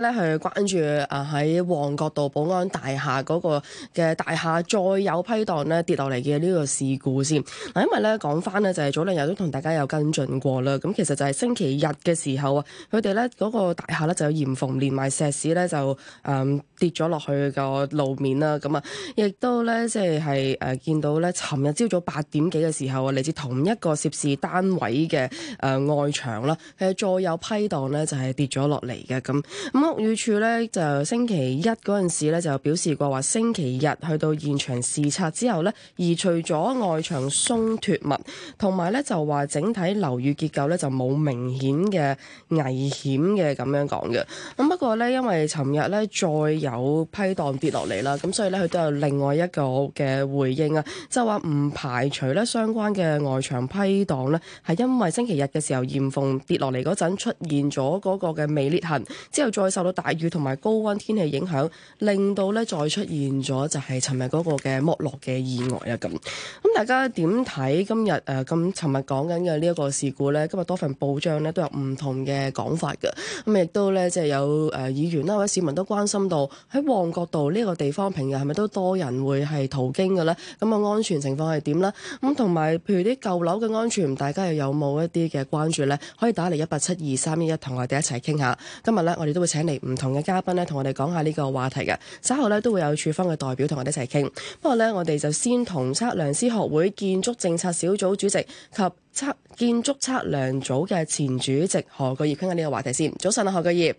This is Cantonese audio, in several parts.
咧去關注誒喺旺角道寶安大廈嗰個嘅大廈再有批蕩咧跌落嚟嘅呢個事故先嗱，因為咧講翻咧就係早兩日都同大家有跟進過啦，咁其實就係星期日嘅時候啊，佢哋咧嗰個大廈咧就有簷篷連埋石屎咧就誒、嗯、跌咗落去個路面啦，咁啊亦都咧即係誒見到咧尋日朝早八點幾嘅時候啊，嚟自同一個涉事單位嘅誒、呃、外牆啦，佢再有批蕩咧就係跌咗落嚟嘅咁咁。嗯屋宇署咧就星期一嗰陣時咧就表示過，話星期日去到現場視察之後咧，移除咗外牆鬆脫物，同埋咧就話整體樓宇結構咧就冇明顯嘅危險嘅咁樣講嘅。咁不過咧因為尋日咧再有批蕩跌落嚟啦，咁所以咧佢都有另外一個嘅回應啊，就話唔排除咧相關嘅外牆批蕩咧係因為星期日嘅時候簷篷跌落嚟嗰陣出現咗嗰個嘅微裂痕，之後再。受到大雨同埋高溫天氣影響，令到咧再出現咗就係尋日嗰個嘅剝落嘅意外啊。咁咁大家點睇今日誒，咁尋日講緊嘅呢一個事故咧？今日多份報章咧都有唔同嘅講法嘅，咁亦都咧即係有誒議員啦，或者市民都關心到喺旺角道呢個地方平日係咪都多人會係途經嘅咧？咁啊安全情況係點咧？咁同埋譬如啲舊樓嘅安全，大家又有冇一啲嘅關注咧？可以打嚟一八七二三一一同我哋一齊傾下。今日咧我哋都會請。唔同嘅嘉賓咧，同我哋講下呢個話題嘅，稍後咧都會有處方嘅代表同我哋一齊傾。不過咧，我哋就先同測量師學會建築政策小組主席及測建築測量組嘅前主席何鉅業傾下呢個話題先。早晨啊，何鉅業。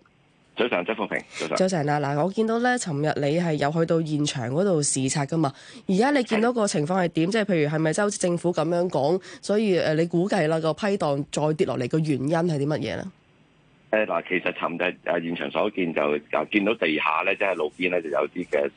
早晨，周鳳平。早晨。早晨啊，嗱，我見到咧，尋日你係有去到現場嗰度視察㗎嘛？而家你見到個情況係點？即係譬如係咪即好似政府咁樣講？所以誒，你估計啦個批蕩再跌落嚟嘅原因係啲乜嘢咧？誒嗱，其實尋日誒現場所見就誒見到地下咧，即係路邊咧就有啲嘅誒，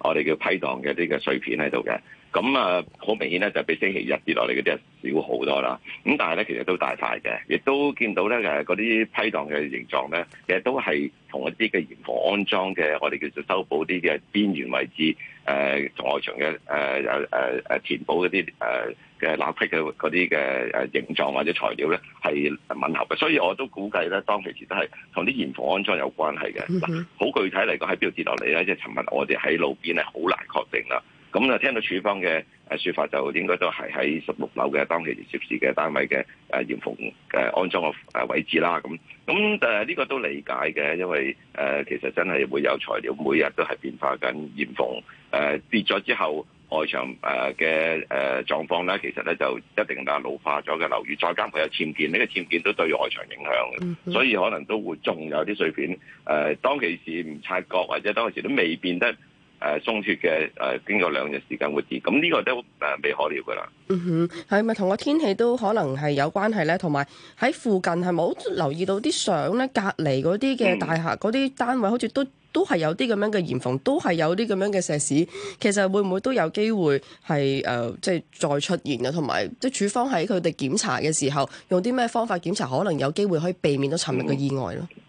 我哋叫批蕩嘅啲嘅碎片喺度嘅。咁啊，好明顯咧就比星期日跌落嚟嗰啲係少好多啦。咁但係咧，其實都大塊嘅，亦都見到咧誒嗰啲批蕩嘅形狀咧，其實都係同一啲嘅嚴防安裝嘅，我哋叫做修補啲嘅邊緣位置誒外牆嘅有誒誒填補嗰啲誒。呃嘅垃圾嘅嗰啲嘅誒形狀或者材料咧係吻合嘅，所以我都估計咧當其時都係同啲簷篷安裝有關係嘅。好具體嚟講喺邊度跌落嚟咧？即係尋日我哋喺路邊係好難確定啦。咁啊，聽到處方嘅説法就應該都係喺十六樓嘅當其時涉事嘅單位嘅誒簷篷誒安裝嘅誒位置啦。咁咁誒呢個都理解嘅，因為誒其實真係會有材料每日都係變化緊簷篷誒跌咗之後。外牆誒嘅誒狀況咧，其實咧就一定啦老化咗嘅樓宇，再加埋有僭建，呢個僭建都對外牆影響嘅，Mm-hmm. 所以可能都會仲有啲碎片誒，當其時唔察覺，或者當其時都未變得。誒、呃、鬆脱嘅誒經過兩日時間會知，咁呢個都誒未、呃、可料噶啦。嗯哼，係咪同個天氣都可能係有關係咧？同埋喺附近係冇留意到啲相咧，隔離嗰啲嘅大廈嗰啲單位，好似都都係有啲咁樣嘅嚴縫，都係有啲咁樣嘅石屎。其實會唔會都有機會係誒即係再出現啊？同埋即係署方喺佢哋檢查嘅時候，用啲咩方法檢查，可能有機會可以避免到尋日嘅意外咯。嗯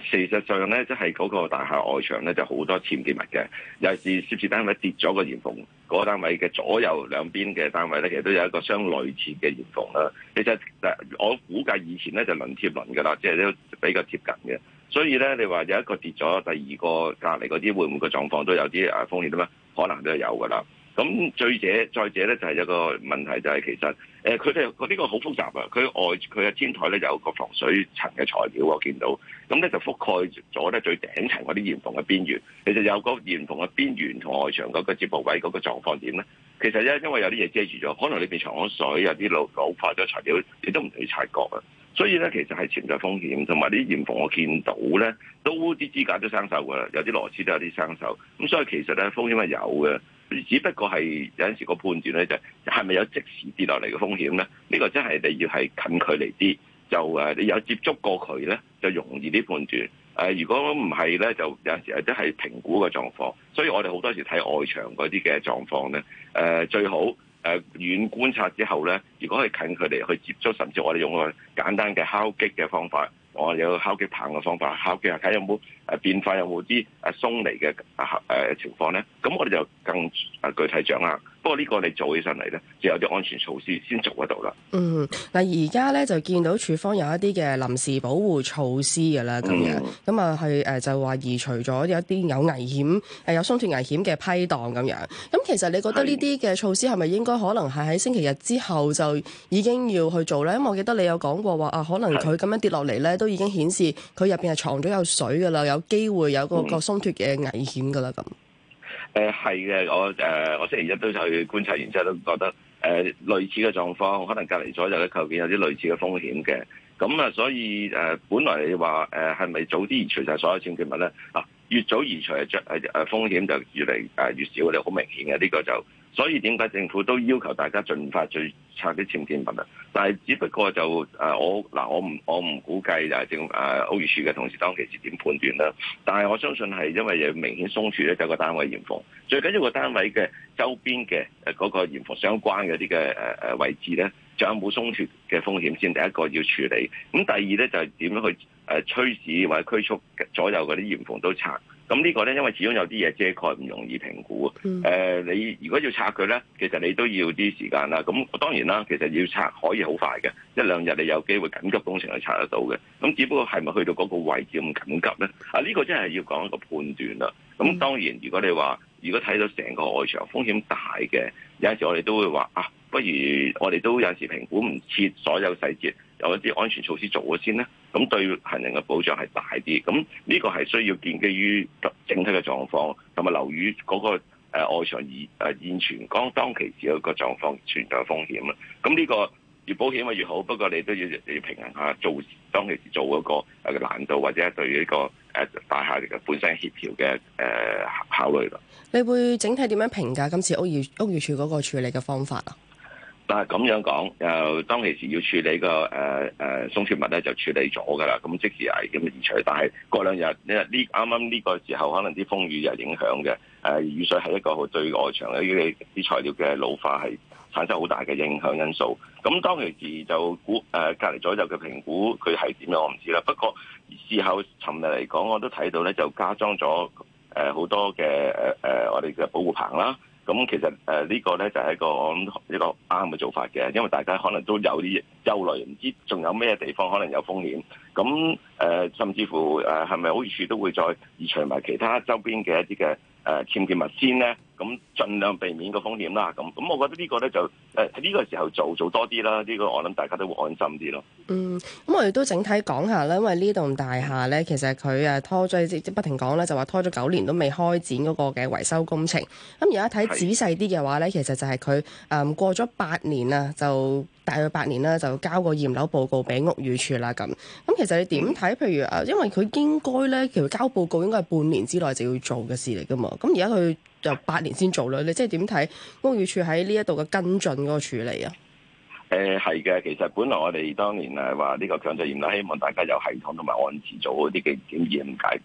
事實上咧，即係嗰個大廈外牆咧就好、是、多潛結物僭建物嘅，尤其是涉事單位跌咗個簷篷，嗰、那個單位嘅左右兩邊嘅單位咧，其實都有一個相類似嘅簷篷啦。其實，我估計以前咧就是、輪貼輪嘅啦，即係都比較貼近嘅。所以咧，你話有一個跌咗，第二個隔離嗰啲會唔會個狀況都有啲誒風險咧？可能都有嘅啦。咁最者再者咧，就係一個問題，就係其實誒，佢哋呢個好複雜啊！佢外佢嘅天台咧有個防水層嘅材料我見到，咁咧就覆蓋咗咧最頂層嗰啲簷篷嘅邊緣。其實有個簷篷嘅邊緣同外牆嗰個接駁位嗰個狀況點咧？其實咧，因為有啲嘢遮住咗，可能裏邊藏咗水，有啲老老化咗材料，你都唔易察覺啊！所以咧，其實係潛在風險，同埋啲嚴控，我見到咧，都啲支架都生鏽嘅，有啲螺絲都有啲生鏽。咁所以其實咧，風險係有嘅，只不過係有陣時個判斷咧，就係咪有即時跌落嚟嘅風險咧？呢個真係你要係近距離啲，就誒你有接觸過佢咧，就容易啲判斷。誒如果唔係咧，就有陣時係即係評估嘅狀況。所以我哋好多時睇外牆嗰啲嘅狀況咧，誒最好。誒遠觀察之後咧，如果係近距離去接觸，甚至我哋用一個簡單嘅敲擊嘅方法，我哋用敲擊棒嘅方法敲擊下，睇有冇誒變化，有冇啲誒鬆離嘅誒情況咧？咁我哋就更誒具體掌握。不過呢個你做起身嚟呢，就有啲安全措施先做得到啦。嗯，嗱而家呢就見到處方有一啲嘅臨時保護措施㗎啦，咁、嗯、樣咁啊係誒就話移除咗有一啲有危險有鬆脱危險嘅批蕩咁樣。咁其實你覺得呢啲嘅措施係咪應該可能係喺星期日之後就已經要去做呢？因為我記得你有講過話啊，可能佢咁樣跌落嚟呢，都已經顯示佢入邊係藏咗有水㗎啦，有機會有個鬆、嗯、鬆脱嘅危險㗎啦咁。誒係嘅，我誒、呃、我星期一都去觀察完之後都覺得誒、呃、類似嘅狀況，可能隔離咗右咧，後邊有啲類似嘅風險嘅。咁啊，所以誒、呃，本來你話誒係咪早啲移除晒所有證券物咧？嗱、啊，越早移除，就係誒風險就越嚟誒越少，你好明顯嘅呢個就。所以點解政府都要求大家盡快去拆啲僭建物啊？但係只不過就誒我嗱我唔我唔估計就係政誒屋宇署嘅同事當其時點判斷啦。但係我相信係因為有明顯鬆脱咧，就個單位嚴防。最緊要個單位嘅周邊嘅誒嗰個嚴防相關嗰啲嘅誒誒位置咧，仲有冇鬆脱嘅風險先？第一個要處理。咁第二咧就係點樣去誒驅使或者驅促左右嗰啲嚴防都拆。咁呢個呢，因為始終有啲嘢遮蓋，唔容易評估。誒、嗯呃，你如果要拆佢呢，其實你都要啲時間啦。咁當然啦，其實要拆可以好快嘅，一兩日你有機會緊急工程就拆得到嘅。咁只不過係咪去到嗰個位置咁緊急呢？啊，呢、這個真係要講一個判斷啦。咁當然、嗯，如果你話如果睇到成個外牆風險大嘅，有陣時我哋都會話啊，不如我哋都有時評估唔切所有細節。有一啲安全措施做咗先咧，咁對行人嘅保障係大啲。咁呢個係需要建基於整體嘅狀況，同埋樓宇嗰個外牆已誒現存，剛當其時嗰個狀況存在風險啦。咁呢個越保險咪越好，不過你都要你都要平衡下做當其時做嗰個誒難度，或者對呢個誒大廈嘅本身協調嘅誒、呃、考慮啦。你會整體點樣評價今次屋宇屋宇署嗰個處理嘅方法啊？但係咁樣講，就當其時要處理個誒誒鬆脫物咧，就處理咗噶啦。咁即時係咁移除，但係過兩日呢？呢啱啱呢個時候，可能啲風雨又影響嘅。誒、呃、雨水係一個好對外牆嘅啲材料嘅老化係產生好大嘅影響因素。咁當其時就估、呃、隔離左右嘅評估，佢係點樣我唔知啦。不過事後尋日嚟講，我都睇到咧，就加裝咗誒好多嘅誒、呃呃、我哋嘅保護棚啦。咁其實誒呢個咧就係一個我諗一個啱嘅做法嘅，因為大家可能都有啲憂慮，唔知仲有咩地方可能有風險。咁誒、呃，甚至乎誒係咪好易處都會再移除埋其他周邊嘅一啲嘅誒僭建物先咧？呃 咁盡量避免個風險啦。咁咁，我覺得呢個呢，就誒喺呢個時候做做多啲啦。呢個我諗大家都會安心啲咯。嗯，咁我哋都整體講下啦。因為呢棟大廈呢，其實佢誒拖咗即即不停講啦，就話拖咗九年都未開展嗰個嘅維修工程。咁而家睇仔細啲嘅話呢，其實就係佢誒過咗八年啦，就大約八年啦，就交個驗樓報告俾屋宇署啦。咁咁，其實你點睇，嗯？譬如因為佢應該呢，其實交報告應該係半年之內就要做嘅事嚟㗎嘛。咁而家佢就八年先做啦，你即係點睇屋宇署喺呢一度嘅跟進嗰個處理啊？誒係嘅，其實本來我哋當年誒話呢個強制驗樓，希望大家有系統同埋按時做好啲嘅檢驗解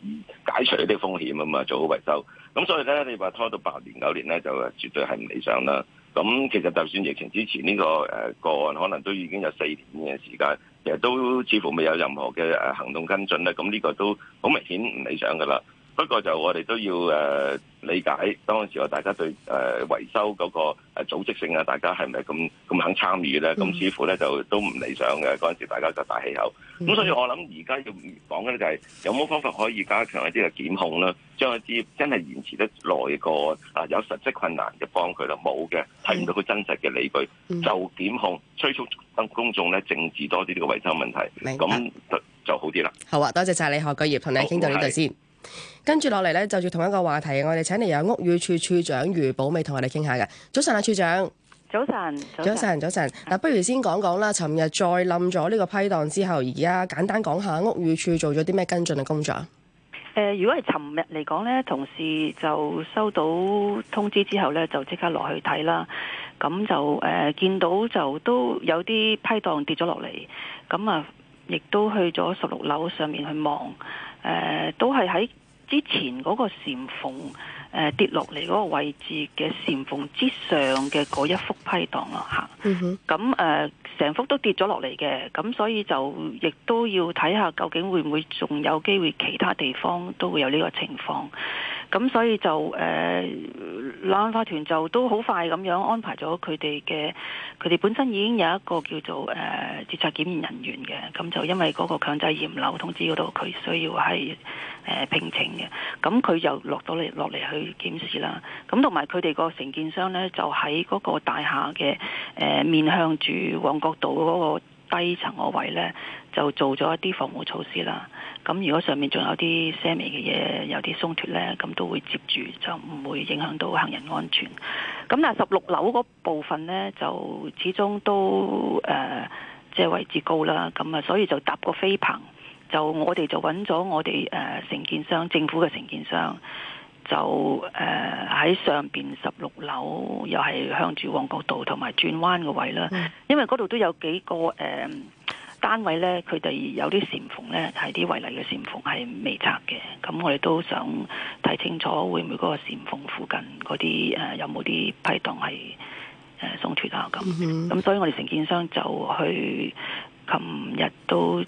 解除一啲風險啊嘛，做好維修。咁所以咧，你話拖到八年九年咧，就絕對係唔理想啦。咁其實就算疫情之前呢個誒個案，可能都已經有四年嘅時間，其實都似乎未有任何嘅誒行動跟進啦。咁呢個都好明顯唔理想噶啦。不過就我哋都要誒、呃、理解當時話大家對誒維、呃、修嗰個誒組織性啊，大家係咪咁咁肯參與咧？咁、嗯、似乎咧就都唔理想嘅。嗰陣時大家就大氣候。咁、嗯、所以我諗而家要講嘅咧就係有冇方法可以加強一啲嘅檢控啦，將一啲真係延遲得耐個啊有實質困難就幫佢啦。冇嘅睇唔到佢真實嘅理據，嗯、就檢控催促等公眾咧政治多啲呢個維修問題。咁就好啲啦。好啊，多謝晒你何鉅業同你傾到呢度先。跟住落嚟咧，就住同一個話題，我哋請嚟有屋宇署署長余寶美同我哋傾下嘅。早晨啊，署長。早晨。早晨，早晨。嗱，不如先講講啦。尋日再冧咗呢個批蕩之後，而家簡單講下屋宇署做咗啲咩跟進嘅工作。誒，如果係尋日嚟講咧，同事就收到通知之後咧，就即刻落去睇啦。咁就誒見到就都有啲批蕩跌咗落嚟。咁啊，亦都去咗十六樓上面去望。誒，都係喺之前嗰個簷篷、呃、跌落嚟嗰個位置嘅簷篷之上嘅嗰一幅批蕩啦，咁成幅都跌咗落嚟嘅，咁所以就亦都要睇下究竟會唔會仲有機會其他地方都會有呢個情況。咁所以就誒，立、呃、法團就都好快咁樣安排咗佢哋嘅，佢哋本身已經有一個叫做誒註冊檢驗人員嘅，咁就因為嗰個強制驗樓通知嗰度，佢需要係誒聘請嘅，咁佢就落到嚟落嚟去檢視啦。咁同埋佢哋個承建商咧，就喺嗰個大廈嘅、呃、面向住旺角道嗰、嗰個低層個位呢就做咗一啲防護措施啦。咁如果上面仲有啲細微嘅嘢，有啲鬆脱呢，咁都會接住就唔會影響到行人安全。咁但十六樓嗰部分呢，就始終都誒即係位置高啦。咁啊，所以就搭個飛棚，就我哋就揾咗我哋誒承建商，政府嘅承建商。就誒喺、呃、上邊十六樓，又係向住旺角道同埋轉彎個位啦。Mm -hmm. 因為嗰度都有幾個誒、呃、單位咧，佢哋有啲簷篷咧，係啲違例嘅簷篷係未拆嘅。咁我哋都想睇清楚，會唔會嗰個簷篷附近嗰啲誒有冇啲批蕩係誒、呃、鬆脱啊？咁咁，mm -hmm. 所以我哋承建商就去琴日都。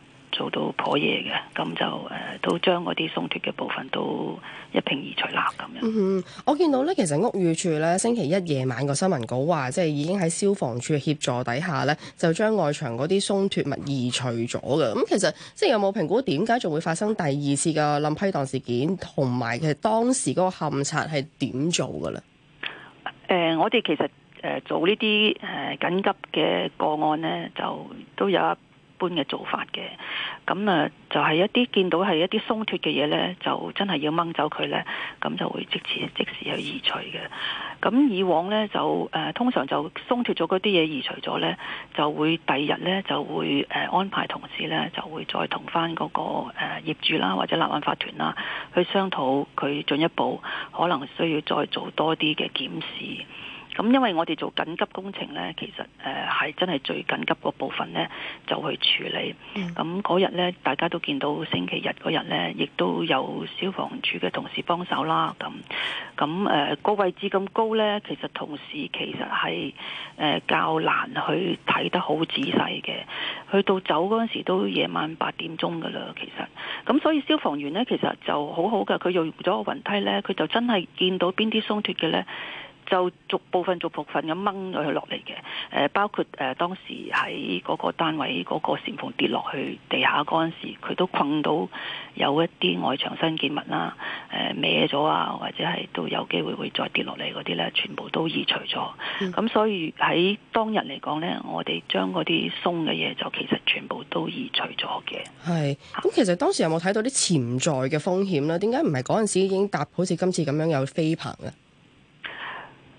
做到頗嘢嘅，咁就誒、呃，都將嗰啲鬆脱嘅部分都一併移除啦，咁樣。嗯，我見到咧，其實屋宇署咧星期一夜晚個新聞稿話，即係已經喺消防處協助底下咧，就將外牆嗰啲鬆脱物移除咗嘅。咁、嗯、其實即係有冇評估點解仲會發生第二次嘅冧批檔事件，同埋其實當時嗰個勘察係點做嘅咧？誒、呃，我哋其實誒做呢啲誒緊急嘅個案咧，就都有般嘅做法嘅，咁啊就係一啲見到係一啲鬆脱嘅嘢咧，就真係要掹走佢咧，咁就會即時即時去移除嘅。咁以往咧就誒、呃、通常就鬆脱咗嗰啲嘢移除咗咧，就會第二日咧就會誒安排同事咧就會再同翻嗰個誒業主啦或者立案法團啦去商討佢進一步可能需要再做多啲嘅檢視。咁因為我哋做緊急工程呢，其實誒係、呃、真係最緊急個部分呢，就去處理。咁嗰日呢，大家都見到星期日嗰日呢，亦都有消防處嘅同事幫手啦。咁咁誒個位置咁高呢，其實同事其實係誒、呃、較難去睇得好仔細嘅。去到走嗰陣時候都夜晚八點鐘噶啦，其實。咁所以消防員呢，其實就很好好噶，佢用咗個雲梯呢，佢就真係見到邊啲鬆脱嘅呢。就逐部分逐部分咁掹咗佢落嚟嘅，包括、呃、當時喺嗰個單位嗰、嗰個簾篷跌落去地下嗰陣時佢都困到有一啲外牆新建物啦，誒歪咗啊，或者係都有機會會再跌落嚟嗰啲咧，全部都移除咗。咁、嗯、所以喺當日嚟講咧，我哋將嗰啲鬆嘅嘢就其實全部都移除咗嘅。係咁其實，當時有冇睇到啲潛在嘅風險咧？點解唔係嗰陣時已經搭好似今次咁樣有飛棚咧？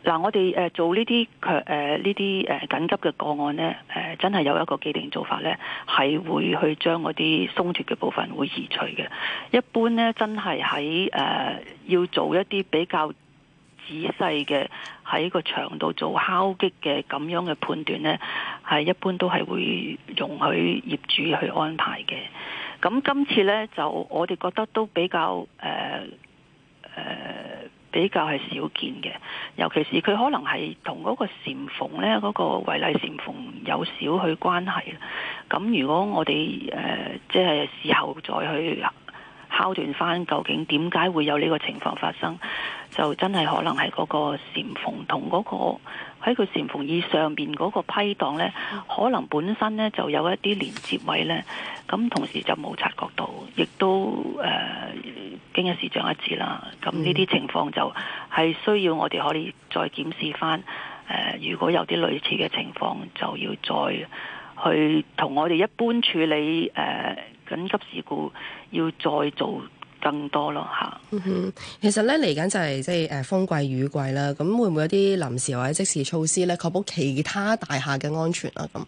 嗱、啊，我哋、呃、做呢啲強呢啲誒緊急嘅個案呢，誒、呃、真係有一個既定做法呢，係會去將嗰啲鬆脱嘅部分會移除嘅。一般呢，真係喺誒要做一啲比較仔細嘅喺個牆度做敲擊嘅咁樣嘅判斷呢，係一般都係會容許業主去安排嘅。咁今次呢，就我哋覺得都比較誒誒。呃呃比較係少見嘅，尤其是佢可能係同嗰個蟬縫呢，嗰、嗰個遺例蟬縫有少許關係。咁如果我哋誒即係事後再去。敲斷翻，究竟點解會有呢個情況發生？就真係可能係嗰個簷篷同嗰個喺個簷篷以上面嗰個批蕩呢，可能本身呢就有一啲連接位呢。咁同時就冇察覺到，亦都誒、呃、經一事長一智啦。咁呢啲情況就係需要我哋可以再檢視翻、呃。如果有啲類似嘅情況，就要再去同我哋一般處理誒。呃緊急事故要再做更多咯嚇。嗯哼，其實咧嚟緊就係即係誒風季雨季啦，咁會唔會有啲臨時或者即時措施咧，確保其他大廈嘅安全啊咁？誒、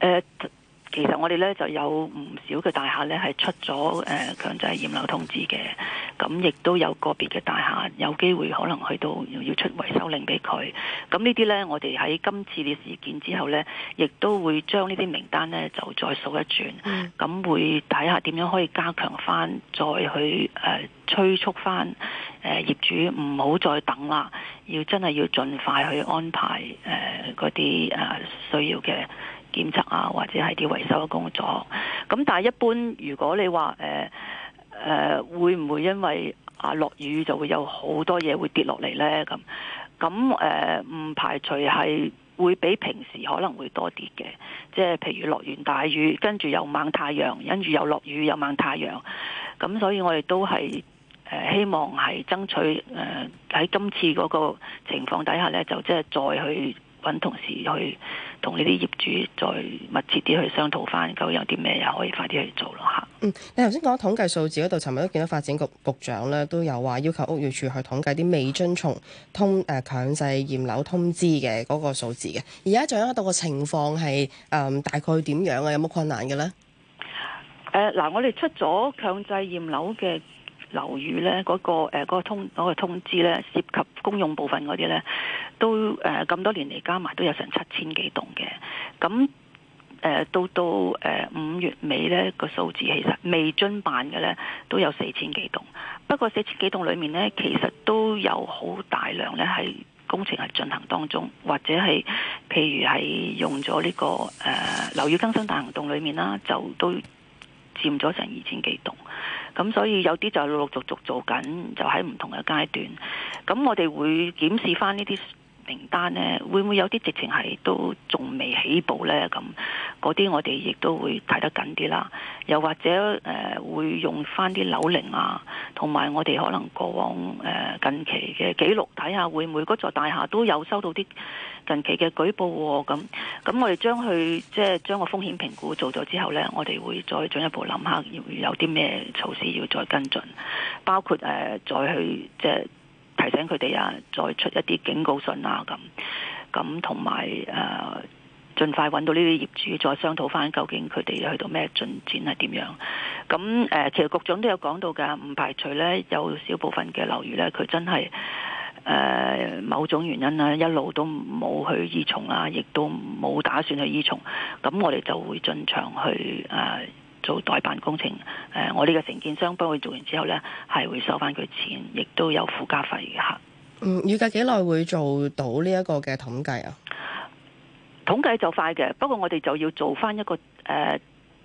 呃。其實我哋咧就有唔少嘅大廈咧係出咗強制驗樓通知嘅，咁亦都有個別嘅大廈有機會可能去到要出維修令俾佢。咁呢啲咧，我哋喺今次嘅事件之後咧，亦都會將呢啲名單咧就再數一轉，咁、嗯、會睇下點樣可以加強翻，再去催促翻業主唔好再等啦，要真係要盡快去安排嗰啲需要嘅。檢測啊，或者係啲維修嘅工作。咁但係一般，如果你話誒誒，會唔會因為啊落雨就會有好多嘢會跌落嚟呢？咁咁誒唔排除係會比平時可能會多啲嘅。即係譬如落完大雨，跟住又猛太陽，跟住又落雨又猛太陽。咁所以我哋都係、呃、希望係爭取喺、呃、今次嗰個情況底下呢，就即係再去。揾同事去同呢啲業主再密切啲去商討翻，究竟有啲咩又可以快啲去做咯？嚇，嗯，你頭先講統計數字嗰度，尋日都見到發展局局長咧都有話要求屋宇署去統計啲未遵從通誒強制驗樓通知嘅嗰個數字嘅。而家再睇下到個情況係誒、嗯、大概點樣啊？有冇困難嘅咧？誒、呃、嗱，我哋出咗強制驗樓嘅。樓宇咧嗰、嗰個誒、呃嗰個、通嗰、嗰個、通知咧，涉及公用部分嗰啲咧，都誒咁、呃、多年嚟加埋都有成七千幾棟嘅。咁誒、呃、到到誒五、呃、月尾咧、嗰個數字，其實未遵辦嘅咧都有四千幾棟。不過四千幾棟裡面咧，其實都有好大量咧係工程係進行當中，或者係譬如係用咗呢、呢個誒、呃、樓宇更新大行動裡面啦，就都佔咗成二千幾棟。咁所以有啲就陸陸續續做緊，就喺唔同嘅階段。咁我哋會檢視翻呢啲。名單呢會唔會有啲直情係都仲未起步呢？咁嗰啲我哋亦都會睇得緊啲啦。又或者誒、呃，會用翻啲樓齡啊，同埋我哋可能過往、呃、近期嘅記錄睇下，會唔會嗰座大廈都有收到啲近期嘅舉報咁、啊？咁我哋將佢，即係將個風險評估做咗之後呢，我哋會再進一步諗下，要有啲咩措施要再跟進，包括誒、呃、再去即係。提醒佢哋啊，再出一啲警告信啊，咁咁同埋誒，盡快揾到呢啲業主，再商討翻究竟佢哋去到咩進展係點樣。咁誒、呃，其實局長都有講到嘅，唔排除呢有少部分嘅樓宇呢，佢真係誒、呃、某種原因啦，一路都冇去醫蟲啦，亦都冇打算去醫蟲。咁我哋就會進場去誒。呃做代辦工程，誒、呃，我呢個承建商幫佢做完之後呢，係會收翻佢錢，亦都有附加費嘅嚇。嗯，預計幾耐會做到呢一個嘅統計啊？統計就快嘅，不過我哋就要做翻一個誒、呃、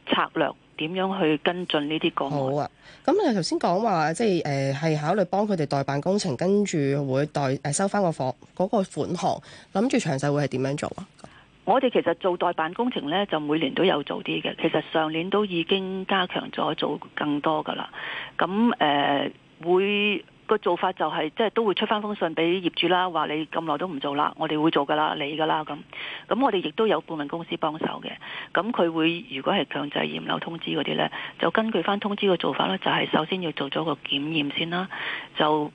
策略，點樣去跟進呢啲個案。好啊，咁你頭先講話，即係誒，係、呃、考慮幫佢哋代辦工程，跟住會代誒收翻個款，嗰、那個款項，諗住詳細會係點樣做啊？我哋其實做代辦工程呢，就每年都有做啲嘅。其實上年都已經加強咗做更多噶啦。咁誒、呃，會個做法就係、是、即係都會出翻封信俾業主啦，話你咁耐都唔做啦，我哋會做噶啦，你噶啦咁。咁我哋亦都有部分公司幫手嘅。咁佢會如果係強制驗樓通知嗰啲呢，就根據翻通知嘅做法啦，就係、是、首先要做咗個檢驗先啦，就。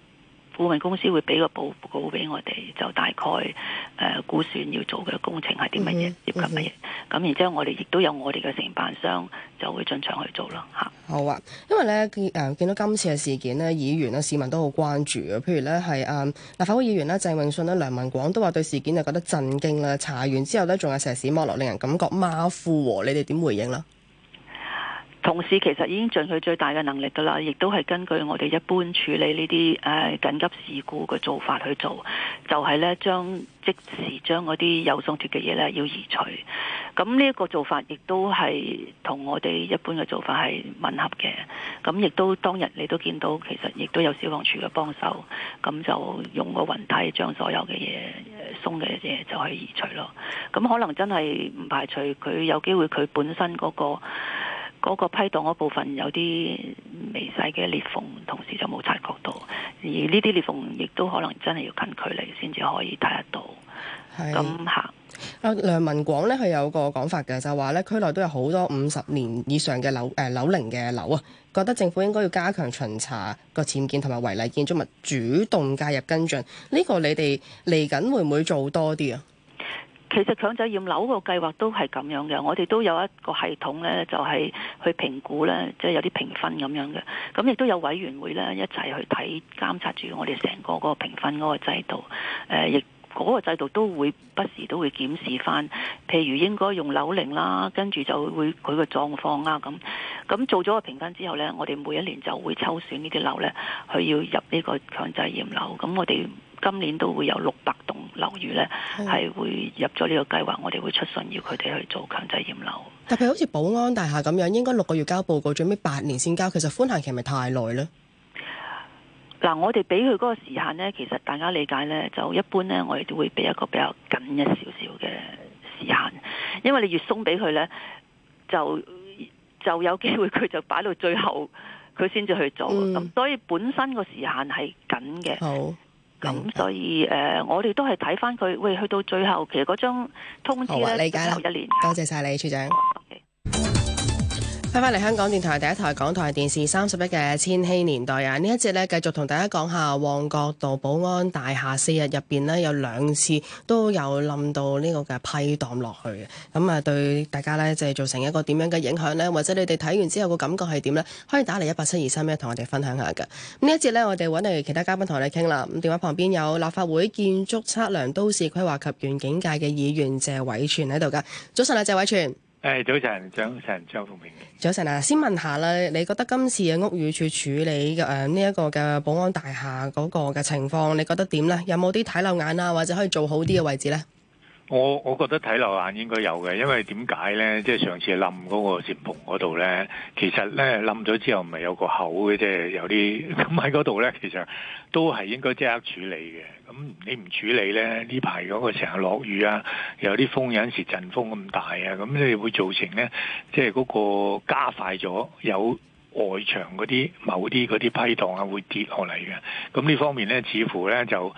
顧問公司會俾個報告俾我哋，就大概誒、呃、估算要做嘅工程係啲乜嘢，涉及乜嘢咁。Mm -hmm. 然之後我哋亦都有我哋嘅承辦商就會進場去做啦。吓，好啊，因為咧誒、呃、見到今次嘅事件咧，議員啦、市民都好關注嘅。譬如咧係啊，立、嗯、法會議員、呃、啦、鄭泳舜、啦、梁文廣都話對事件啊覺得震驚啦。查完之後咧，仲有石屎剝落，令人感覺馬虎。你哋點回應啦？同事其實已經盡佢最大嘅能力㗎啦，亦都係根據我哋一般處理呢啲誒緊急事故嘅做法去做，就係呢，將即時將嗰啲有鬆脱嘅嘢呢要移除。咁呢一個做法亦都係同我哋一般嘅做法係吻合嘅。咁亦都當日你都見到，其實亦都有消防處嘅幫手，咁就用個雲梯將所有嘅嘢鬆嘅嘢就去移除咯。咁可能真係唔排除佢有機會佢本身嗰個。嗰、嗰個批蕩嗰部分有啲微細嘅裂縫，同時就冇察覺到，而呢啲裂縫亦都可能真係要近距離先至可以睇得到。咁吓。梁文廣呢，係有個講法嘅，就話呢區內都有好多五十年以上嘅、呃、樓誒樓齡嘅樓啊，覺得政府應該要加強巡查個僭建同埋違例建築物，主動介入跟進。呢、呢個你哋嚟緊會唔會做多啲啊？其實強制驗樓個計劃都係咁樣嘅，我哋都有一個系統呢，就係去評估呢，即係有啲評分咁樣嘅。咁亦都有委員會呢，一齊去睇監察住我哋成個嗰個評分嗰個制度。誒、呃，亦嗰個制度都會不時都會檢視返，譬如應該用樓齡啦，跟住就會佢個狀況啦。咁。咁做咗個評分之後呢，我哋每一年就會抽選呢啲樓呢，佢要入呢個強制驗樓。咁我哋。今年都會有六百棟樓宇呢係會入咗呢個計劃，我哋會出信要佢哋去做強制驗樓。特別好似寶安大廈咁樣，應該六個月交報告，最尾八年先交，其實寬限期咪太耐咧？嗱，我哋俾佢嗰個時限呢，其實大家理解呢，就一般呢，我哋都會俾一個比較緊一少少嘅時限，因為你越鬆俾佢呢，就就有機會佢就擺到最後，佢先至去做。咁、嗯、所以本身個時限係緊嘅。咁所以誒、呃，我哋都係睇翻佢，喂，去到最後，其實嗰張通知咧，理解，啊，一年，多謝晒你，處長。Okay. 翻返嚟香港電台第一台港台電視三十一嘅千禧年代啊！呢一節咧繼續同大家講下旺角道寶安大廈四日入邊呢，有兩次都有冧到呢個嘅批蕩落去嘅。咁啊對大家咧即係造成一個點樣嘅影響咧？或者你哋睇完之後個感覺係點咧？可以打嚟一八七二三一同我哋分享下嘅。咁呢一節咧，我哋揾嚟其他嘉賓同你哋傾啦。咁電話旁邊有立法會建築、測量、都市規劃及園境界嘅議員謝偉銓喺度噶。早晨啊，謝偉銓。誒，早晨，早晨，張鳳鳴。早晨啊，先問下啦，你覺得今次嘅屋宇署處理誒呢一個嘅保安大廈嗰個嘅情況，你覺得點咧？有冇啲睇漏眼啊？或者可以做好啲嘅位置咧？我我覺得睇落眼應該有嘅，因為點解咧？即係上次冧嗰個漸棚嗰度咧，其實咧冧咗之後，唔係有個口嘅，即係有啲咁喺嗰度咧。其實都係應該即刻處理嘅。咁你唔處理咧，呢排嗰個成日落雨啊，有啲風有陣時陣風咁大啊，咁你會造成咧，即係嗰個加快咗有外牆嗰啲某啲嗰啲批蕩啊會跌落嚟嘅。咁呢方面咧，似乎咧就。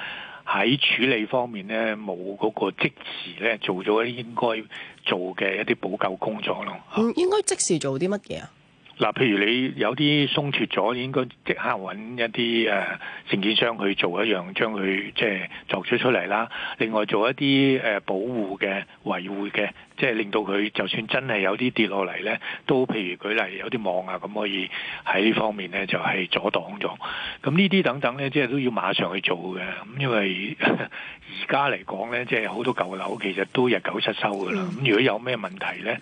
喺處理方面咧，冇嗰個即時咧，做咗應該做嘅一啲補救工作咯。嗯，應該即時做啲乜嘢啊？嗱，譬如你有啲鬆脱咗，應該即刻揾一啲誒承建商去做一樣，將佢即係作出出嚟啦。另外做一啲誒、呃、保護嘅、維護嘅。即係令到佢就算真係有啲跌落嚟呢，都譬如舉例有啲網啊咁，可以喺呢方面呢，就係阻擋咗。咁呢啲等等呢，即係都要馬上去做嘅。咁因為而家嚟講呢，即係好多舊樓其實都日久失修噶啦。咁如果有咩問題呢，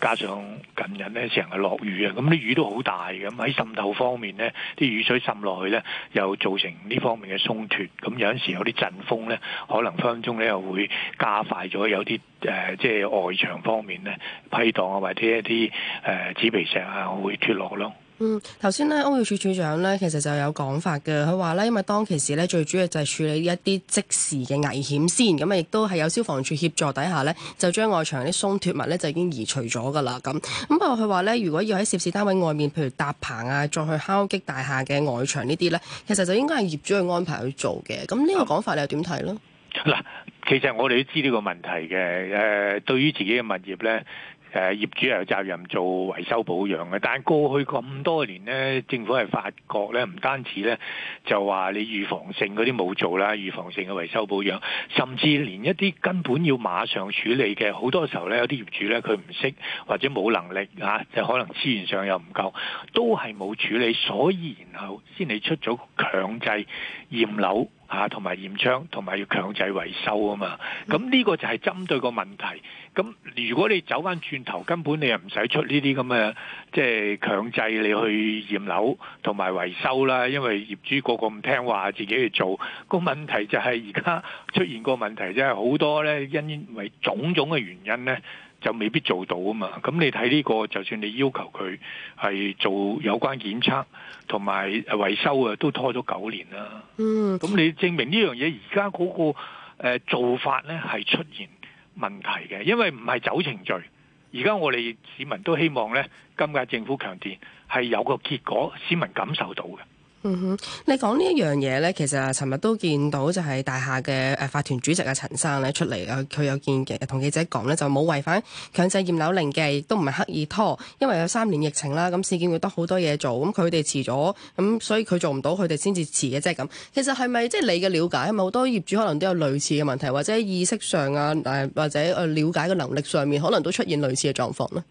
加上近日呢，成日落雨啊，咁啲雨都好大，咁喺滲透方面呢，啲雨水滲落去呢，又造成呢方面嘅鬆脱。咁有陣時有啲陣風呢，可能分分鐘呢又會加快咗有啲。誒、呃，即係外牆方面咧，批蕩啊，或者一啲誒紙皮石啊，會脫落咯。嗯，頭先咧，屋宇署署長咧，其實就有講法嘅。佢話咧，因為當其時咧，最主要就係處理一啲即時嘅危險先。咁、嗯、啊，亦都係有消防處協助底下咧，就將外牆啲鬆脫物咧，就已經移除咗噶啦。咁咁啊，不過佢話咧，如果要喺涉事單位外面，譬如搭棚啊，再去敲擊大廈嘅外牆呢啲咧，其實就應該係業主去安排去做嘅。咁呢個講法你又點睇咧？嗯嗱，其實我哋都知呢個問題嘅。誒，對於自己嘅物業呢，誒，業主係有責任做維修保養嘅。但係過去咁多年呢，政府係發覺呢，唔單止呢就話你預防性嗰啲冇做啦，預防性嘅維修保養，甚至連一啲根本要馬上處理嘅，好多時候呢，有啲業主呢，佢唔識或者冇能力就可能資源上又唔夠，都係冇處理。所以然後先你出咗強制驗樓。啊，同埋驗窗，同埋要強制維修啊嘛。咁呢個就係針對個問題。咁如果你走翻轉頭，根本你又唔使出呢啲咁嘅，即係強制你去驗樓同埋維修啦。因為業主個個唔聽話，自己去做。個問題就係而家出現個問題即係好多咧，因為種種嘅原因咧。就未必做到啊嘛！咁你睇呢個，就算你要求佢係做有關檢測同埋維修啊，都拖咗九年啦。嗯，咁你證明呢樣嘢而家嗰個做法呢係出現問題嘅，因為唔係走程序。而家我哋市民都希望呢，今屆政府強調係有個結果，市民感受到嘅。嗯哼，你講呢一樣嘢咧，其實尋日都見到就係大廈嘅誒法團主席阿陳生咧出嚟，佢有見嘅同記者講咧，就冇違反強制驗樓令嘅，亦都唔係刻意拖，因為有三年疫情啦，咁事件會得好多嘢做，咁佢哋遲咗，咁所以佢做唔到，佢哋先至遲嘅啫咁。其實係咪即係你嘅了解，係咪好多業主可能都有類似嘅問題，或者意識上啊誒或者誒瞭解嘅能力上面，可能都出現類似嘅狀況呢？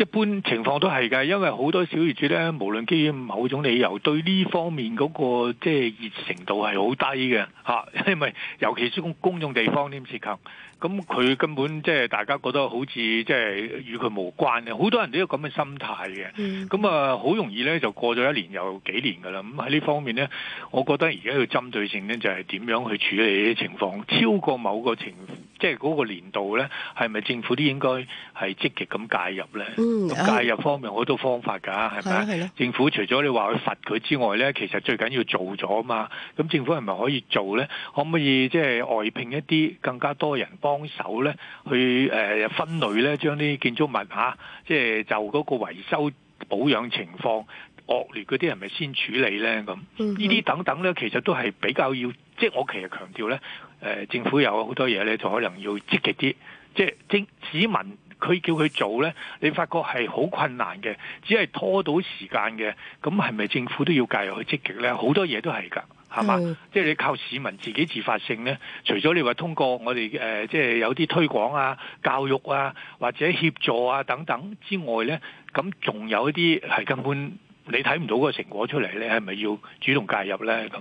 一般情況都係嘅，因為好多小業主咧，無論基於某種理由，對呢方面嗰、那個即係熱誠度係好低嘅嚇，因、啊、為尤其是公公眾地方添涉及，咁佢根本即係大家覺得好似即係與佢無關嘅，好多人都有咁嘅心態嘅。咁、嗯、啊，好容易咧就過咗一年又幾年㗎啦。咁喺呢方面咧，我覺得而家要針對性咧，就係、是、點樣去處理啲情況，超過某個情況。即係嗰個年度咧，係咪政府都應該係積極咁介入咧？咁、嗯、介入方面好多方法㗎，係咪啊？政府除咗你話去罰佢之外咧，其實最緊要做咗嘛。咁政府係咪可以做咧？可唔可以即係外聘一啲更加多人幫手咧？去誒分類咧，將啲建築物吓，即、啊、係就嗰、是、個維修保養情況惡劣嗰啲，係咪先處理咧？咁呢啲等等咧，其實都係比較要，即、就、係、是、我其實強調咧。誒政府有好多嘢咧，就可能要積極啲，即係政市民佢叫佢做咧，你發覺係好困難嘅，只係拖到時間嘅。咁係咪政府都要介入去積極咧？好多嘢都係㗎，係嘛？即係、mm. 你靠市民自己自發性咧，除咗你話通過我哋誒，即係有啲推廣啊、教育啊或者協助啊等等之外咧，咁仲有一啲係根本你睇唔到個成果出嚟咧，係咪要主動介入咧？咁？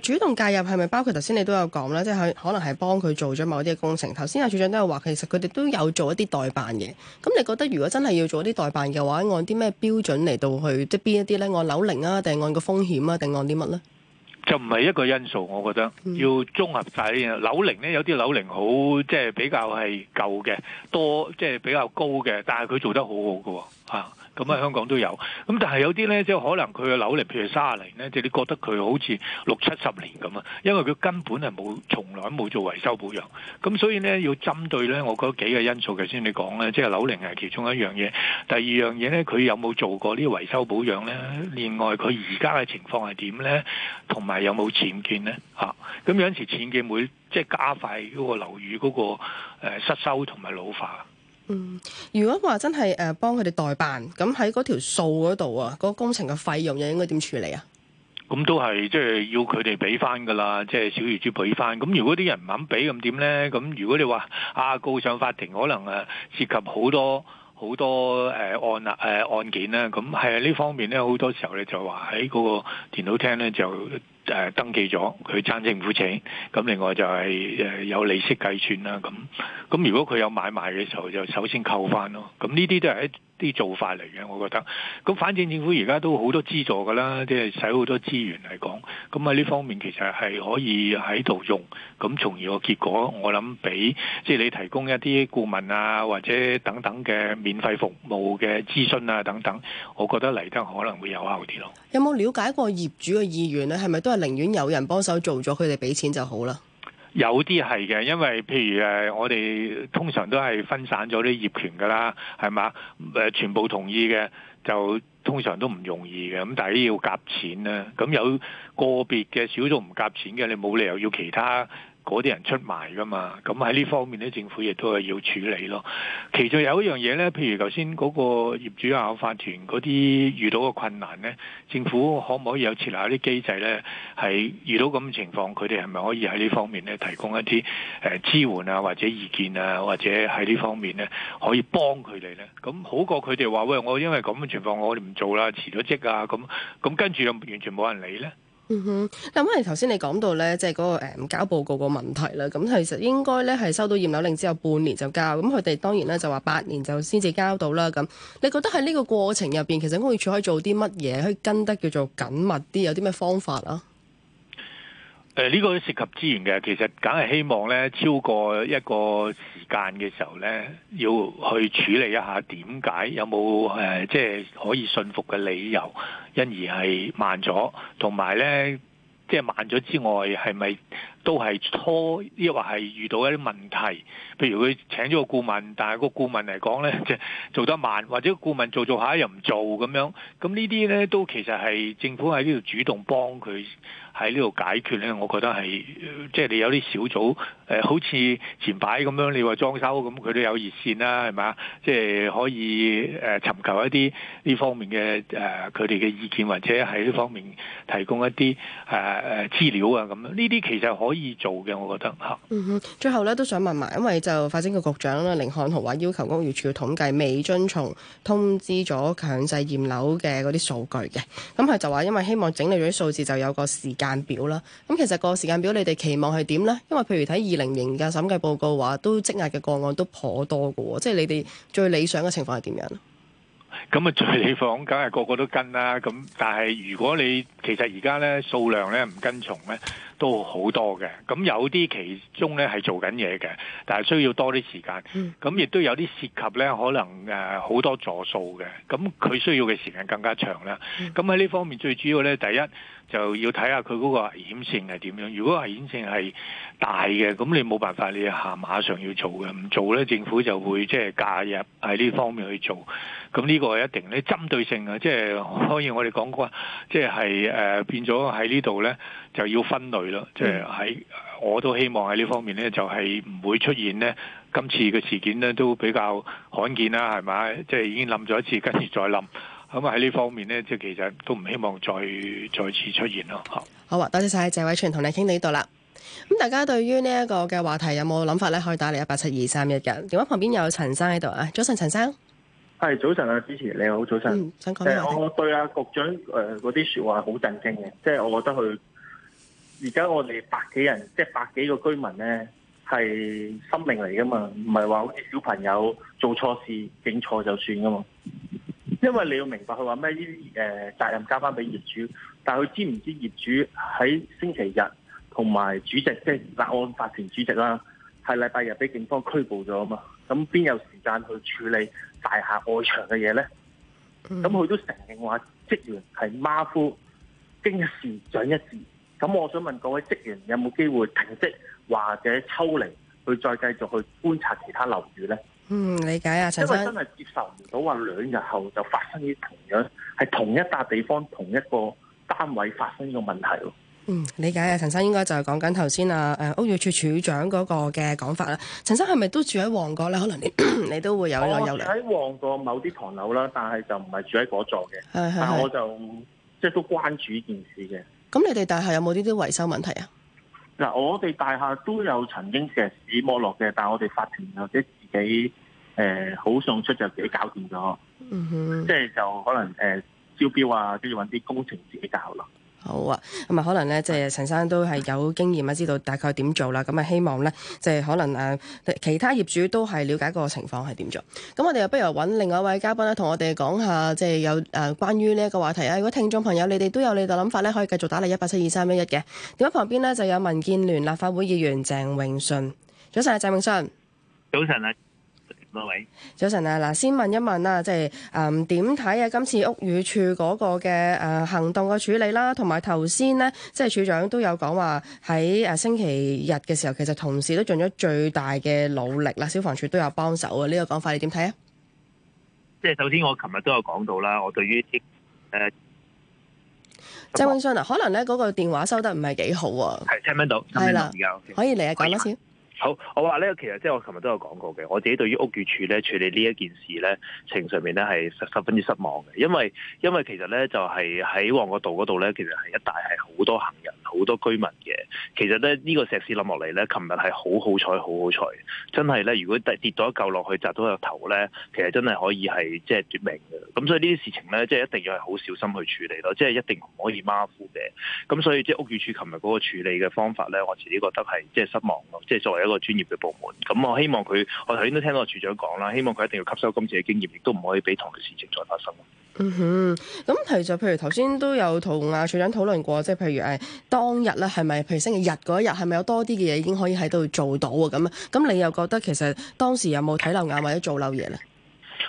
主動介入係咪包括頭先你都有講啦？即係可能係幫佢做咗某啲嘅工程。頭先阿處長都有話，其實佢哋都有做一啲代辦嘅。咁你覺得如果真係要做一啲代辦嘅話，按啲咩標準嚟到去即係邊一啲咧？按樓齡啊，定係按個風險啊，定按啲乜咧？就唔係一個因素，我覺得要綜合曬。樓齡咧有啲樓齡好，即係比較係舊嘅，多即係比較高嘅，但係佢做得好好嘅嚇。啊咁喺香港都有，咁但係有啲呢，即係可能佢嘅樓齡譬如卅零呢，即係你覺得佢好似六七十年咁啊，因為佢根本係冇，從來都冇做維修保養。咁所以呢，要針對呢，我覺得幾個因素。頭先你講呢，即係樓齡係其中一樣嘢。第二樣嘢呢，佢有冇做過呢個維修保養呢？另外佢而家嘅情況係點呢？同埋有冇僭建呢？咁、啊、有陣時僭建會即係加快嗰個樓宇嗰個誒失修同埋老化。嗯，如果話真係誒幫佢哋代辦，咁喺嗰條數嗰度啊，嗰、嗰個、工程嘅費用又應該點處理啊？咁都係即係要佢哋俾翻噶啦，即、即、係、係、小業主俾翻。咁如果啲人唔肯俾咁點咧？咁如果你話啊告上法庭，可能誒、啊、涉及好多好多誒、呃、案誒、呃、案件咧。咁係啊呢方面咧，好多時候咧就話喺嗰個電腦廳咧就。誒登記咗，佢爭政府請。咁另外就係誒有利息計算啦，咁咁如果佢有買賣嘅時候，就首先扣翻咯。咁呢啲都係一啲做法嚟嘅，我覺得。咁反正政府而家都好多資助噶啦，即係使好多資源嚟講。咁喺呢方面其實係可以喺度用。咁從而個結果，我諗俾即係你提供一啲顧問啊，或者等等嘅免費服務嘅諮詢啊等等，我覺得嚟得可能會有效啲咯。有冇了解過業主嘅意願咧？係咪都？寧願有人幫手做咗，佢哋俾錢就好啦。有啲係嘅，因為譬如誒，我哋通常都係分散咗啲業權噶啦，係嘛誒，全部同意嘅就通常都唔容易嘅，咁但係要夾錢啦。咁有個別嘅少數唔夾錢嘅，你冇理由要其他。嗰啲人出賣㗎嘛，咁喺呢方面咧，政府亦都係要處理咯。其實有一樣嘢咧，譬如頭先嗰個業主呀法團嗰啲遇到嘅困難咧，政府可唔可以有設立一啲機制咧？係遇到咁嘅情況，佢哋係咪可以喺呢方面咧提供一啲誒、呃、支援啊，或者意見啊，或者喺呢方面咧可以幫佢哋咧？咁好過佢哋話：「喂，我因為咁嘅情況，我哋唔做啦，辭咗職呀。」咁咁跟住就完全冇人理咧。嗯哼，嗱，咁例如頭先你講到咧，即係嗰個誒交報告個問題啦。咁其實應該咧係收到驗樓令之後半年就交，咁佢哋當然咧就話八年就先至交到啦。咁你覺得喺呢個過程入邊，其實公營處可以做啲乜嘢，可以跟得叫做緊密啲，有啲咩方法啊？誒，呢個都涉及資源嘅。其實梗係希望咧超過一個時間嘅時候咧，要去處理一下點解有冇誒，即係可以信服嘅理由，因而係慢咗。同埋咧，即係慢咗之外，係咪都係拖，抑或係遇到一啲問題？譬如佢請咗個顧問，但係個顧問嚟講咧，即係做得慢，或者顧問做做下又唔做咁樣。咁呢啲咧都其實係政府喺呢度主動幫佢。喺呢度解決咧，我覺得係即係你有啲小組誒、呃，好似前排咁樣，你話裝修咁，佢都有熱線啦、啊，係咪？即、就、係、是、可以誒、呃、尋求一啲呢方面嘅誒佢哋嘅意見，或者喺呢方面提供一啲誒誒資料啊咁。呢啲其實係可以做嘅，我覺得嚇。嗯哼，最後咧都想問埋，因為就發展局局長啦，甯漢豪話要求屋宇署嘅統計未遵從通知咗強制驗樓嘅嗰啲數據嘅，咁佢就話因為希望整理咗啲數字就有個時間。時間表啦，咁其實個時間表你哋期望係點呢？因為譬如睇二零年嘅審計報告話，都積壓嘅個案都頗多嘅，即係你哋最理想嘅情況係點樣？咁啊，最理想梗係個個都跟啦。咁但係如果你其實而家呢數量呢唔跟從呢，都好多嘅。咁有啲其中呢係做緊嘢嘅，但係需要多啲時間。咁亦都有啲涉及呢，可能誒好多助數嘅。咁佢需要嘅時間更加長啦。咁喺呢方面最主要呢，第一。就要睇下佢嗰個危險性係點樣。如果危險性係大嘅，咁你冇辦法，你下馬上要做嘅。唔做咧，政府就會即係介入喺呢方面去做。咁呢個係一定咧，針對性啊，即係可以我哋講過即係誒變咗喺呢度咧，就要分類咯。即係喺我都希望喺呢方面咧，就係唔會出現咧今次嘅事件咧都比較罕見啦，係咪即係已經冧咗一次，跟住再冧。咁啊喺呢方面咧，即係其實都唔希望再再次出現咯，吓。好啊，多謝晒謝偉銓同你傾到呢度啦。咁大家對於呢一個嘅話題有冇諗法咧？可以打嚟一八七二三一嘅電話，旁邊有陳生喺度啊。早晨，陳生係早晨啊，支持你好早晨、嗯。想講咩啊？我對阿局長誒嗰啲說話好震驚嘅，即係我覺得佢而家我哋百幾人，即係百幾個居民咧係生命嚟噶嘛，唔係話好似小朋友做錯事認錯就算噶嘛。因為你要明白佢話咩？呢啲誒責任交翻俾業主，但係佢知唔知業主喺星期日同埋主席，即係立案法團主席啦，係禮拜日俾警方拘捕咗啊嘛？咁邊有時間去處理大廈外牆嘅嘢咧？咁佢都承認話職員係馬虎，經一事長一智。咁我想問各位職員，有冇機會停職或者抽離去再繼續去觀察其他樓宇咧？嗯，理解啊，陳生。因為真係接受唔到話兩日後就發生啲同樣係同一笪地方同一個單位發生嘅問題咯。嗯，理解啊，陳生應該就係講緊頭先啊，誒、呃，屋宇署署長嗰個嘅講法啦。陳生係咪都住喺旺角咧？可能你， 你都會有一有。我住喺旺角某啲唐樓啦，但係就唔係住喺嗰座嘅。但係我就即係、就是、都關注件事嘅。咁你哋大廈有冇呢啲維修問題啊？嗱，我哋大廈都有曾經石屎剝落嘅，但係我哋法團或者自己誒、呃、好送出就自己搞掂咗，mm -hmm. 即係就可能誒招標啊都要搵啲工程自己搞咯。好啊，咁啊可能咧，即係陳生都係有經驗啊，知道大概點做啦。咁啊，希望咧，即係可能其他業主都係了解個情況係點做。咁我哋又不如揾另外一位嘉賓咧，同我哋講下，即係有誒關於呢一個話題啊。如果聽眾朋友你哋都有你嘅諗法咧，可以繼續打嚟一八七二三一一嘅點解？旁邊呢就有民建聯立法會議員鄭泳舜。早晨啊，鄭泳舜。早晨啊。各位早晨啊！嗱，先問一問啊，即係誒，點睇啊？今次屋宇署嗰個嘅誒、呃、行動嘅處理啦，同埋頭先咧，即係署長都有講話喺誒星期日嘅時候，其實同事都盡咗最大嘅努力啦，消防署都有幫手啊！呢、呢個講法你點睇啊？即係首先，我琴日都有講到啦，我對於啲誒，鄭、呃、泳舜啊、呃，可能咧嗰、那個電話收得唔係幾好啊，係聽唔到，係啦，可以嚟啊，講多少？好，我話呢其實即係我琴日都有講過嘅，我自己對於屋宇署咧處理呢一件事咧，情上面咧係十十分之失望嘅，因為因為其實咧就係喺旺角道嗰度咧，其實係一帶係好多行人好多居民嘅。其實咧呢個石屎冧落嚟咧，琴日係好好彩好好彩真係咧如果跌咗到一嚿落去砸到個頭咧，其實真係可以係即係奪命嘅，咁所以呢啲事情咧即係一定要係好小心去處理咯，即係一定唔可以馬虎嘅，咁所以即係屋宇署琴日嗰個處理嘅方法咧，我自己覺得係即係失望咯，即係作為一個專業嘅部門，咁我希望佢，我頭先都聽阿處長講啦，希望佢一定要吸收今次嘅經驗，亦都唔可以俾同類嘅事情再發生。嗯哼，咁其實譬如頭先都有同阿處長討論過，即係譬如誒當日咧係咪，譬如星期日嗰一日係咪有多啲嘅嘢已經可以喺度做到啊？咁啊，咁你又覺得其實當時有冇睇漏眼或者做漏嘢咧？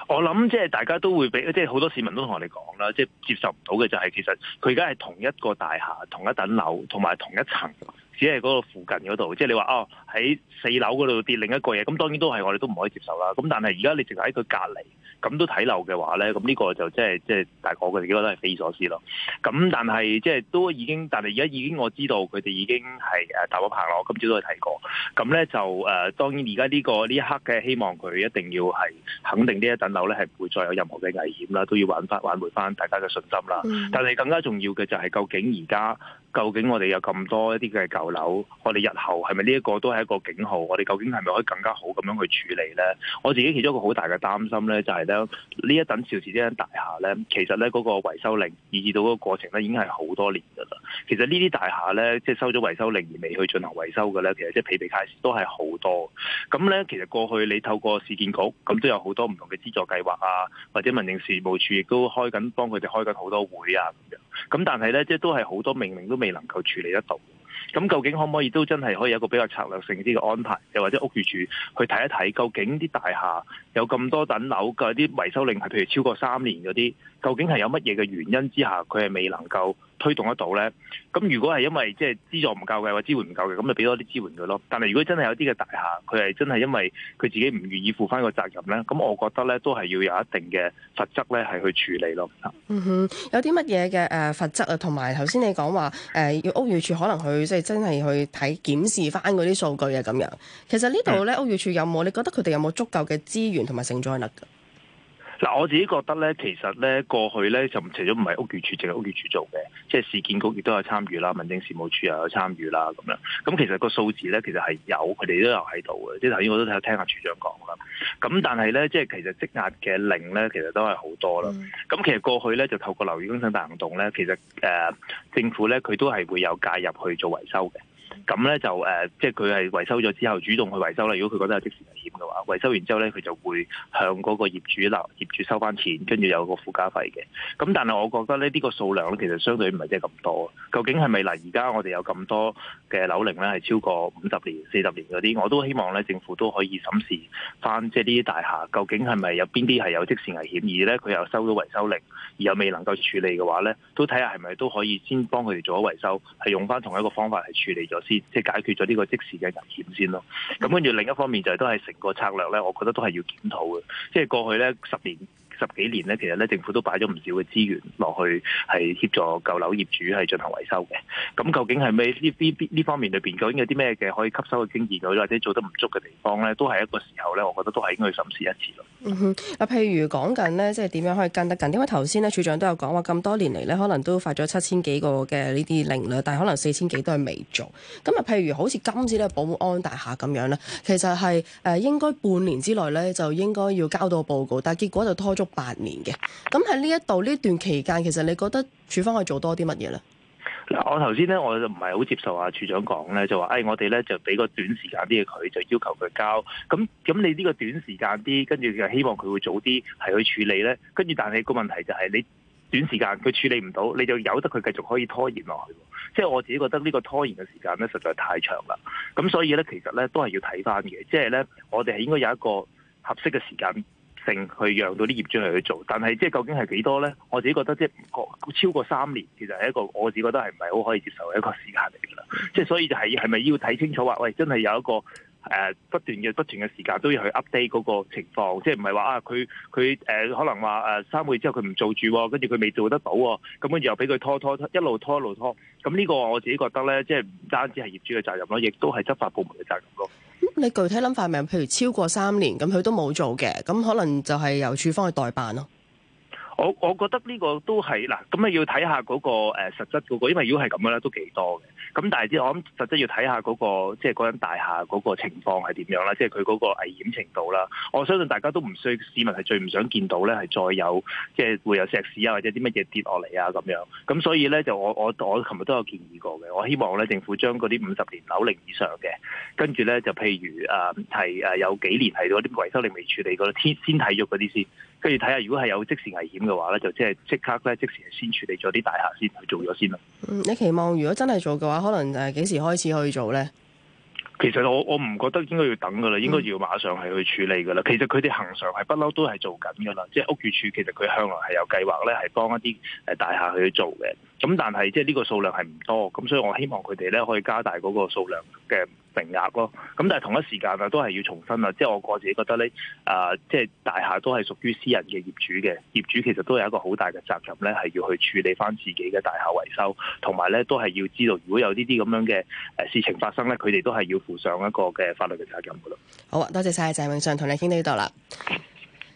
我諗即係大家都會俾，即係好多市民都同我哋講啦，即係接受唔到嘅就係其實佢而家係同一個大廈、同一等樓同埋同一層。只係嗰個附近嗰度，即係你話哦喺四樓嗰度跌另一個嘢，咁當然都係我哋都唔可以接受啦。咁但係而家你直頭喺佢隔離，咁都睇漏嘅話咧，咁呢個就即係即係大家佢哋幾個都係匪夷所思咯。咁但係即係都已經，但係而家已經我知道佢哋已經係誒大波拍咯，今朝都係提過。咁咧就誒、呃、當然而家呢個呢一刻嘅希望佢一定要係肯定呢一等樓咧係唔會再有任何嘅危險啦，都要挽翻挽回翻大家嘅信心啦。但係更加重要嘅就係究竟而家究竟我哋有咁多一啲嘅樓，我哋日後係咪呢一個都係一個警號？我哋究竟係咪可以更加好咁樣去處理呢？我自己其中一個好大嘅擔心呢，就係呢呢一等肇事呢間大廈呢，其實呢嗰個維修令以致到嗰個過程呢，已經係好多年噶啦。其實呢啲大廈呢，即係收咗維修令而未去進行維修嘅呢，其實即係疲憊差事都係好多。咁呢。其實過去你透過市建局咁都有好多唔同嘅資助計劃啊，或者民政事務處亦都幫他們開緊幫佢哋開緊好多會啊咁樣。咁但係呢，即係都係好多命令都未能夠處理得到。咁究竟可唔可以都真係可以有一個比較策略性啲嘅安排，又或者屋宇署去睇一睇，究竟啲大廈有咁多等樓嘅啲維修令係譬如超過三年嗰啲，究竟係有乜嘢嘅原因之下，佢係未能夠。推動得到咧，咁如果係因為即係資助唔夠嘅話，或支援唔夠嘅，咁就俾多啲支援佢咯。但係如果真係有啲嘅大廈，佢係真係因為佢自己唔願意負翻個責任咧，咁我覺得咧都係要有一定嘅罰則咧，係去處理咯。嗯哼，有啲乜嘢嘅誒罰則啊？同埋頭先你講話誒，要屋宇署可能去即係真係去睇檢視翻嗰啲數據啊咁樣。其實呢度咧，屋宇署有冇？你覺得佢哋有冇足夠嘅資源同埋承載力？嗱，我自己覺得咧，其實咧過去咧就除咗唔係屋宇署淨係屋宇署做嘅，即係市建局亦都有參與啦，民政事務署又有參與啦，咁樣咁其實個數字咧其實係有，佢哋都有喺度嘅，即係頭先我都聽阿署長講啦。咁但係咧，即係其實積壓嘅零咧，其實都係好多啦。咁、嗯、其實過去咧就透過樓宇更新大行動咧，其實誒、呃、政府咧佢都係會有介入去做維修嘅。咁咧就、呃、即係佢係維修咗之後主動去維修啦。如果佢覺得有即時危險嘅話，維修完之後咧，佢就會向嗰個業主立業主收翻錢，跟住有個附加費嘅。咁但係我覺得咧，呢、呢個數量其實相對唔係即係咁多。究竟係咪嗱？而家我哋有咁多嘅樓齡咧，係超過五十年、四十年嗰啲，我都希望咧政府都可以審視翻即係呢啲大廈，究竟係咪有邊啲係有即時危險，而咧佢又收到維修令，而又未能夠處理嘅話咧，都睇下係咪都可以先幫佢哋做咗維修，係用翻同一個方法係處理咗先。即係解決咗呢個即時嘅危險先咯，咁跟住另一方面就係都係成個策略咧，我覺得都係要檢討嘅，即係過去咧十年。十幾年咧，其實咧政府都擺咗唔少嘅資源落去，係協助舊樓業主係進行維修嘅。咁究竟係咩呢呢方面裏邊究竟有啲咩嘅可以吸收嘅經驗，或者做得唔足嘅地方咧，都係一個時候咧，我覺得都係應該去審視一次咯。嗯哼，啊，譬如講緊咧，即係點樣可以跟得緊？點解頭先咧處長都有講話，咁多年嚟咧，可能都發咗七千幾個嘅呢啲令量，但係可能四千幾都係未做。咁啊，譬如好似今次咧寶安大廈咁樣咧，其實係誒應該半年之內咧，就應該要交到報告，但係結果就拖咗。八年嘅，咁喺呢一度呢段期間，其實你覺得處方可以做多啲乜嘢呢？嗱、啊哎，我頭先咧，我就唔係好接受阿處長講咧，就話誒，我哋咧就俾個短時間啲嘅，佢，就要求佢交。咁咁，你呢個短時間啲，跟住又希望佢會早啲係去處理咧。跟住，但係個問題就係、是、你短時間佢處理唔到，你就由得佢繼續可以拖延落去。即係我自己覺得呢個拖延嘅時間咧，實在太長啦。咁所以咧，其實咧都係要睇翻嘅，即係咧，我哋係應該有一個合適嘅時間。淨去讓到啲業主嚟去做，但係即係究竟係幾多咧？我自己覺得即係超過三年，其實係一個我自己覺得係唔係好可以接受嘅一個時間嚟㗎啦。即係所以就係係咪要睇清楚話？喂，真係有一個誒不斷嘅不斷嘅時間都要去 update 嗰個情況，即係唔係話啊佢佢誒可能話誒三個月之後佢唔做住，跟住佢未做得到，咁跟住又俾佢拖拖一路拖一路拖。咁呢個我自己覺得咧，即係唔單止係業主嘅責任咯，亦都係執法部門嘅責任咯。你具體諗法未？譬如超過三年，咁佢都冇做嘅，咁可能就係由署方去代辦咯。我我覺得呢個都係嗱，咁啊要睇下嗰個誒實質嗰個，因為如果係咁樣咧，都幾多嘅。咁但係之我諗實質要睇下嗰個即係嗰間大廈嗰個情況係點樣啦，即係佢嗰個危險程度啦。我相信大家都唔需要市民係最唔想見到咧，係再有即係會有石屎啊或者啲乜嘢跌落嚟啊咁樣。咁所以咧就我我我琴日都有建議過嘅，我希望咧政府將嗰啲五十年樓齡以上嘅，跟住咧就譬如誒係有幾年係嗰啲維修令未處理嗰啲先先睇咗嗰啲先。跟住睇下，如果係有即時危險嘅話咧，就即係即刻咧，即時先處理咗啲大廈先，先去做咗先啦。嗯，你期望如果真係做嘅話，可能誒幾時開始去做咧？其實我我唔覺得應該要等噶啦，應該要馬上係去處理噶啦。其實佢哋恆常係不嬲都係做緊噶啦。即係屋宇署，其實佢向來係有計劃咧，係幫一啲誒大廈去做嘅。咁但係即係呢個數量係唔多，咁所以我希望佢哋咧可以加大嗰個數量嘅。名額咯，咁但係同一時間啊，都係要重新啊，即係我自己覺得咧，啊，即係大廈都係屬於私人嘅業主嘅，業主其實都有一個好大嘅責任咧，係要去處理翻自己嘅大廈維修，同埋咧都係要知道如果有呢啲咁樣嘅誒事情發生咧，佢哋都係要負上一個嘅法律嘅責任嘅咯。好啊，多謝晒，鄭泳舜，同你傾到呢度啦。